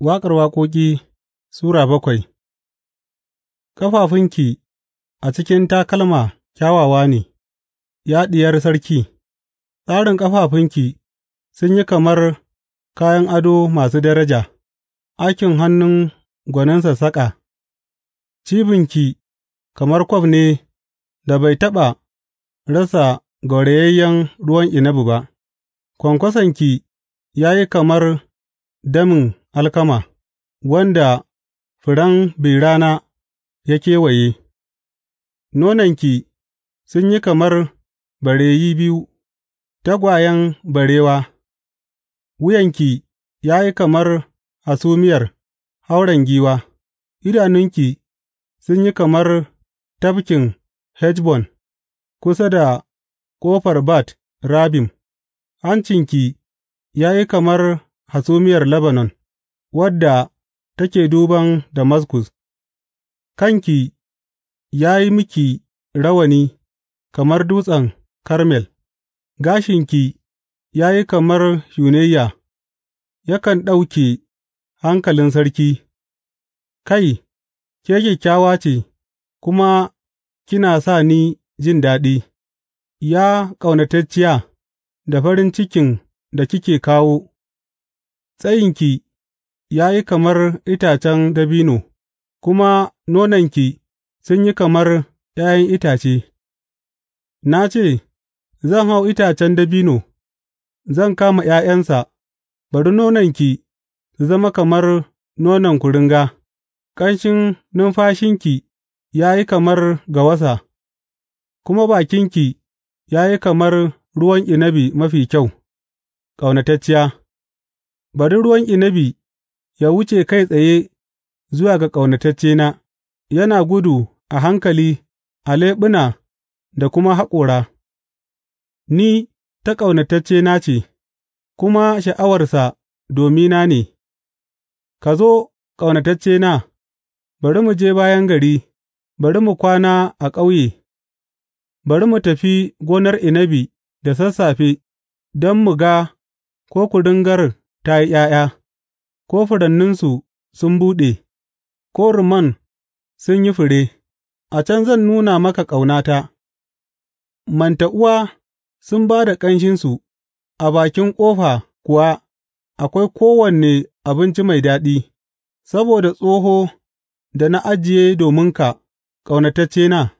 Waƙar Waƙoƙi Sura bakwai Ƙafafunki a cikin takalma kyawawa ne, ya Diyar Sarki; tsarin ƙafafunki sun yi kamar kayan ado masu daraja, aikin hannun gwanin sassaƙa; cibinki kamar kwaf ne da bai taɓa rasa gaurayayyen ruwan inabi ba, kwankwasonki ya yi kamar damin. alkama, wanda furen bi rana ya kewaye, nonanki sun yi kamar bareyi biyu, tagwayen barewa, wuyanki ya yi kamar hasumiyar hauren giwa, idanunki sun yi kamar tafkin Heshbon kusa da ƙofar Bat rabim hancinki ya yi kamar hasumiyar Lebanon. wadda take duban Damaskus, Kanki ya yi miki rawani kamar dutsen Karmel, gashinki ya yi kamar shunayya, yakan ɗauke hankalin sarki, kai, ke kyakkyawa ce, kuma kina sa ni jin daɗi, ya ƙaunatacciya da farin cikin da kike kawo, tsayinki. ya yi kamar itacen dabino, kuma nonanki sun yi kamar ’ya'yan itace; na ce, Zan hau itacen dabino, zan kama ’ya'yansa, bari nonanki su zama kamar nonon kuringa, ƙanshin numfashinki ya yi kamar gawasa, kuma bakinki ya yi kamar ruwan inabi mafi kyau, ƙaunatacciya, bari ruwan inabi. ya wuce kai tsaye zuwa ga ƙaunataccena, yana gudu a hankali a leɓuna da kuma haƙora, ni ta ƙaunataccena ce, kuma sha'awarsa domina ne, ka zo, ƙaunataccena, bari mu je bayan gari, bari mu kwana a ƙauye, bari mu tafi gonar inabi da sassafe don mu ga ko kuringar ta yi ’ya'ya. ko furanninsu sun buɗe, ko rumman sun yi fure, a can zan nuna maka ƙaunata; mantauwa sun ba da ƙanshinsu, a bakin ƙofa kuwa akwai kowanne abinci mai daɗi, saboda tsoho da na ajiye dominka, ƙaunataccena.